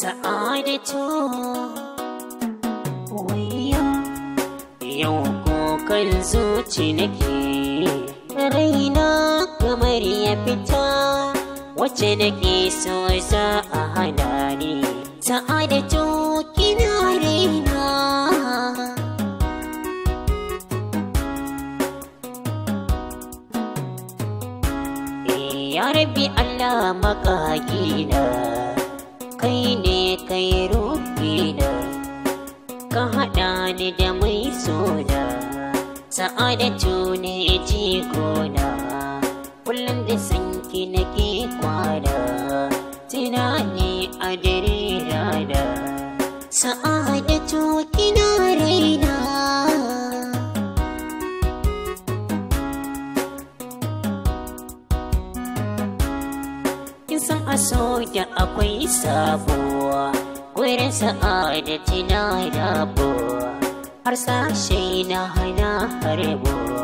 sa'adatu wayyo yau kokar zuci nake raina kamar ya fita wacce nake so za a hana ni sa'adatu kina raina eh, Ya Rabbi Allah makagina kai ne kai roƙi na ka haɗa ni da mai soda sa'adatu ne jikona kullum da sanki nake kwana tunani a dare rana sa'adatu kina raina san a soja akwai sabuwa Wurin sa'ada tina rabuwa Har sashe na hana harbuwa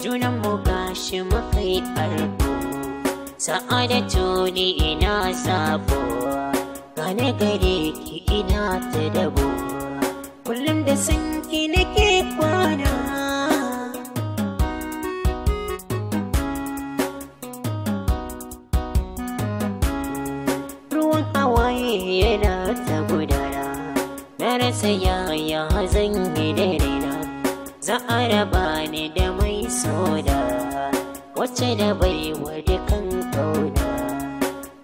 Junan mu gashi makai arbu Sa'ada tuni ina sabuwa Gane gare ki ina ta dabuwa Kullum da sanki nake kwana saya ya zan yi daidaina za a raba ni da mai soda wacce da bai baiwa kan kauna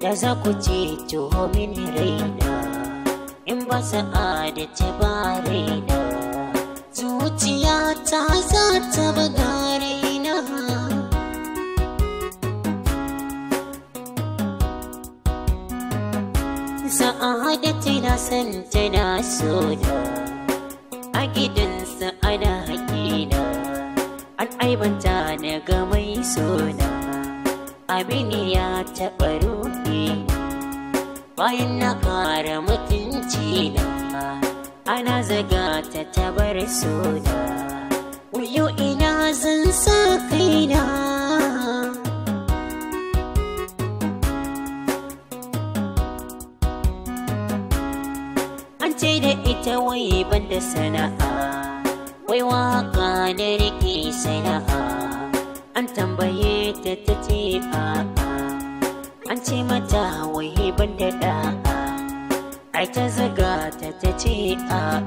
da za ku ce tuhomin raina in ba sa'ada ta ba raina zuciya ta za ta buga raina sa'a da tana san tana so na a gidansa ana hakina an aibanta na ga mai sona abin ya taɓa ruhi bayan na kara mutunci na ana zaga ta tabar sona Wuyo ina zan sa kaina Ta wai ban da sana'a wai waka na rike sana'a an tambaye ta ta ce a'a an ce mata wai ban da da'a ai ta zaga ta ta ce a'a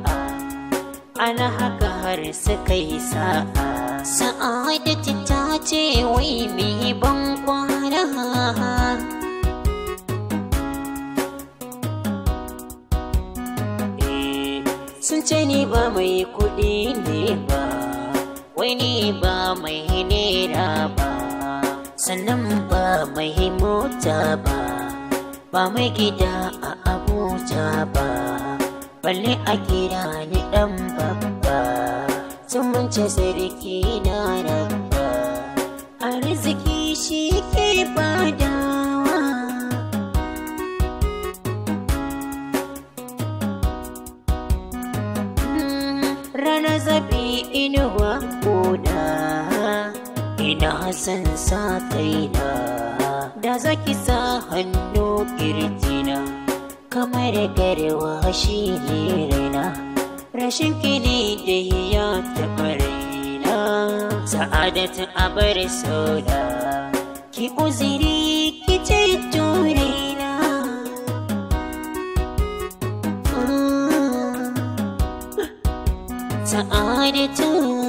ana haka har suka yi sa'a sa'adatu ta ce wai mai ban kwana sun ce ni ba mai kuɗi ne ba wai ni ba mai nera ba sannan ba mai mota ba ba mai gida a abuja ba balle a gida ni ɗan babba sun mance sarki na rabba arziki shi ke bada wa ƙona ina san sa kaina da zaki sa hannu kirjina kamar garwa shi ne raina rashin kini da ya taɓa raina sa'adatu abar sauda ki uziri ki ce to 在爱的途。